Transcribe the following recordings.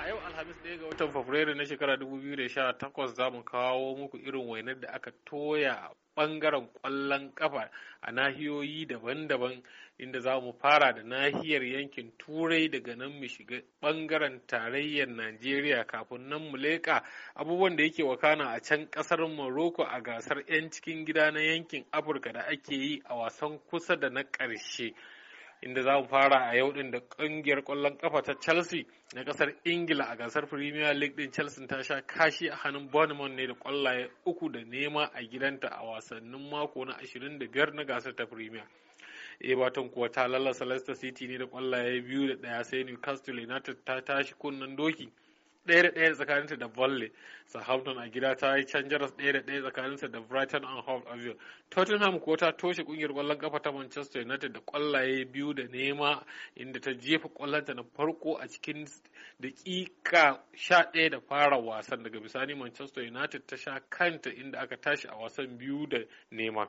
A yau Alhamis ɗaya ga watan Fabrairu na shekara 2018 za mu kawo muku irin wainar da aka toya a ɓangaren ƙwallon ƙafa a nahiyoyi daban-daban inda za mu fara da nahiyar yankin turai daga nan mu shiga ɓangaren tarayyar najeriya kafin nan mu leƙa abubuwan da yake wakana a can ƙasar morocco a gasar 'yan cikin gida na yankin afirka da ake yi a wasan kusa da na ƙarshe inda za mu fara a yau din da kungiyar kwallon kafa ta Chelsea na kasar Ingila a gasar Premier League din Chelsea ta sha kashi a hannun Bournemouth ne da kwallaye uku da nema a gidanta a wasannin mako na 25 na gasar ta Premier. Everton kuwa ta lalasa Leicester City ne da kwallaye biyu da daya sai Newcastle United ta tashi kunnen doki. ɗaya da ɗaya tsakaninta da Burnley Southampton a gida ta yi can jaras ɗaya da ɗaya tsakaninta da Brighton and Hove Albion Tottenham ko ta toshe kungiyar ƙwallon kafa ta Manchester United da kwallaye biyu da nema inda ta jefa ƙwallonta na farko a cikin daƙiƙa sha ɗaya da fara wasan daga bisani Manchester United ta sha kanta inda aka tashi a wasan biyu da nema.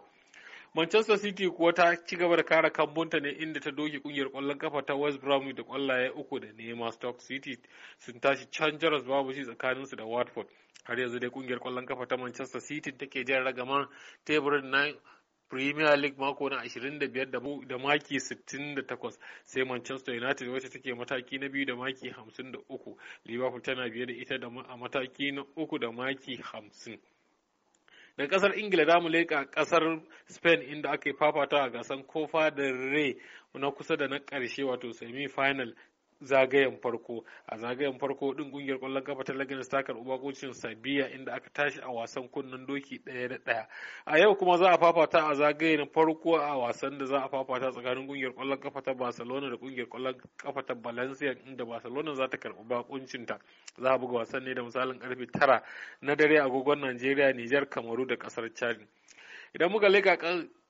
Manchester City kuwa ta ci gaba da kare kambunta ne inda ta doke kungiyar kwallon kafa ta West Bromwich da kwallaye uku da nema Stoke City sun tashi can jaras babu shi su da Watford. Har yanzu dai kungiyar kwallon kafa ta Manchester City take jan ragaman teburin na Premier League mako na 25 da maki 68 sai Manchester United wacce take mataki na biyu da maki 53 Liverpool tana biye da ita a mataki na uku da maki 50. da kasar ingila za mu leƙa kasar spain inda aka yi fafata a gasar kofa da rai na kusa da na karshe wato semi final zagayen farko a zagayen farko din kungiyar kwallon kafa ta lagin ta karɓi Sabiya inda aka tashi a wasan kunnen doki daya da daya a yau kuma za a fafata a zagayen farko a wasan da za a fafata tsakanin kungiyar kwallon kafa ta Barcelona da kungiyar kwallon kafa ta Valencia inda Barcelona za ta karɓi bakuncin ta za a buga wasan ne da misalin karfe tara na dare agogon nigeria niger Kamaru da kasar Chad idan muka leka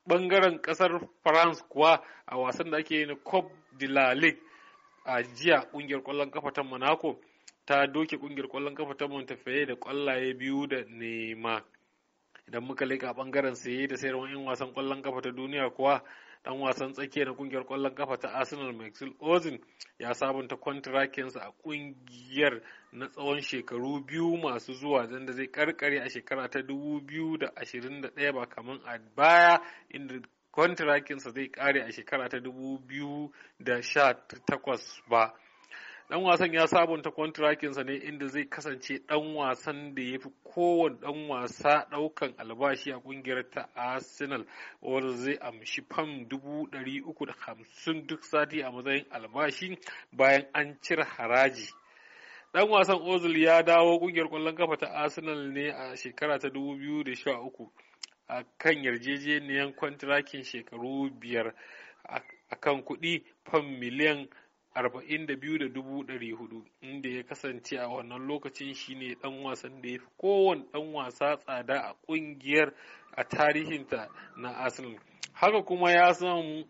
bangaren kasar France kuwa a wasan da ake yi na cop de la Ligue a jiya kungiyar kwallon kafa ta Monaco ta doke kungiyar kwallon kafa ta Montefiore da kwallaye biyu da nema. Idan muka leka bangaren saye da sayarwan 'yan wasan kwallon kafa ta duniya kuwa dan wasan tsakiya na kungiyar kwallon kafa ta Arsenal Maxwell ozin ya sabunta kwantirakinsa a kungiyar na tsawon shekaru biyu masu zuwa da zai karkare a shekara ta 2021 ba kamar a baya inda kwantirakinsa zai kare a shekara ta 2018 ba dan wasan ya sabunta kwantirakinsa ne inda zai kasance dan wasan da ya fi kowane dan wasa daukan albashi a kungiyar ta arsenal wanda zai amshi fam 350 duk sati a matsayin albashi bayan an cire haraji dan wasan ozil ya dawo kungiyar kwallon kafa ta arsenal ne a shekara ta 2013 a kan yarjejeniyar kwantirakin shekaru biyar a kan kuɗi fam miliyan 42,400 inda ya kasance a wannan lokacin shine dan wasan da ya fi kowane dan wasa tsada a kungiyar a tarihinta na arsenal haka kuma ya samu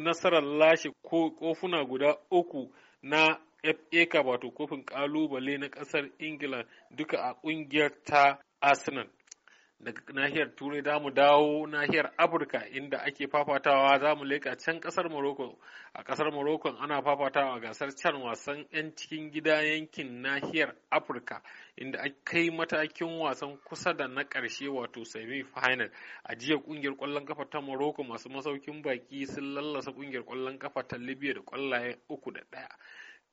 nasarar lashe kofuna guda uku na fa cup wato kofin kalubale na kasar ingila duka a ƙungiyar ta arsenal daga nahiyar turai za mu dawo nahiyar afirka inda ake fafatawa za mu leka can kasar morocco a kasar morocco ana fafatawa gasar can wasan 'yan cikin gida yankin nahiyar afirka inda aka kai matakin wasan kusa da na karshe wato semi final a jiya kungiyar kwallon kafa ta morocco masu masaukin baki sun lallasa kungiyar kwallon kafa ta libya da kwallaye uku da daya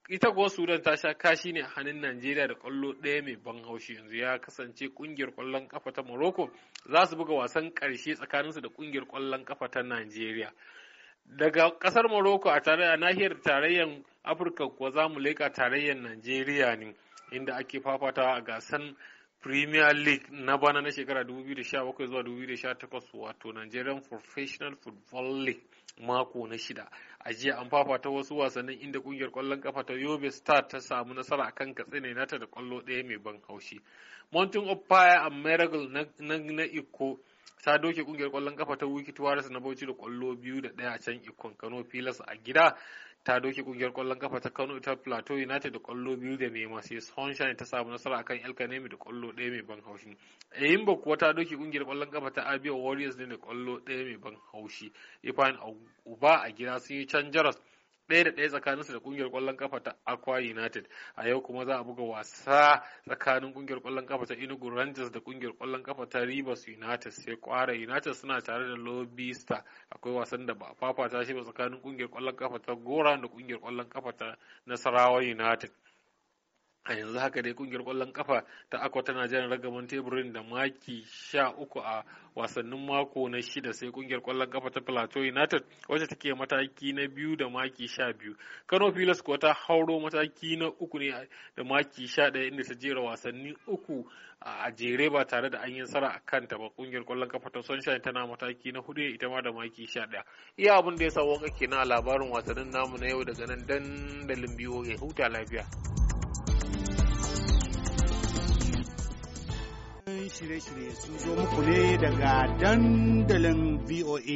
ita go sudan ta sha kashi ne a hannun najeriya da kwallo ɗaya mai ban haushi yanzu ya kasance kungiyar kwallon kafa ta morocco za su buga wasan ƙarshe tsakaninsu da kungiyar kwallon kafa ta najeriya daga kasar morocco a nahiyar tarayyar afirka kuwa za mu leka tarayyar najeriya ne inda ake fafatawa a gasan premier league na bana na shekara 2017 zuwa 2018 wato nigerian professional football league mako na shida a jiya an fafata wasu wasannin inda kungiyar kwallon kafa ta yobe star ta samu nasara a kan katsina nata da kwallo daya mai ban haushi mountain of fire a miracle na iko ta doke kungiyar kwallon kafa ta wiki tuwaris na bauchi da kwallo biyu da daya a can ikon kano filas a gida ta doke kungiyar kwallon kafa ta Kano ta Plateau United da kwallo biyu da nema sai Sunshine ta samu nasara akan Elkanemi da kwallo ɗaya mai ban haushi. Eyimba kuwa ta doke kungiyar kwallon kafa ta Abia Warriors ne da kwallo daya mai ban haushi. Ifan Uba a gida sun yi can jaras ɗaya da ɗaya tsakaninsu da kungiyar ƙwallon kafa ta Aqua United. A yau kuma za a buga wasa tsakanin ƙungiyar ƙwallon kafa ta inugu Rangers da kungiyar ƙwallon kafa ta Rivers United sai Kwara United suna tare da Lobby Akwai wasan da ba fafata shi ba tsakanin kungiyar ƙwallon kafa ta goran da kungiyar ƙwallon kafa ta Nasarawa United. a yanzu haka dai kungiyar kwallon kafa ta akwa tana jan ragaman teburin da maki sha uku a wasannin mako na shida sai kungiyar kwallon kafa ta plateau united wacce take mataki na biyu da maki sha biyu kano filas kuwa ta hauro mataki na uku ne da maki sha ɗaya inda ta jera wasanni uku a jere ba tare da an yi nasara a kanta ba kungiyar kwallon kafa ta sunshine tana mataki na hudu ita ma da maki sha ɗaya iya abin da ya sa wanka kenan a labarin wasannin namu na yau daga nan dandalin biyu ya huta lafiya. shirye-shirye sun zo muku ne daga dandalin VOA.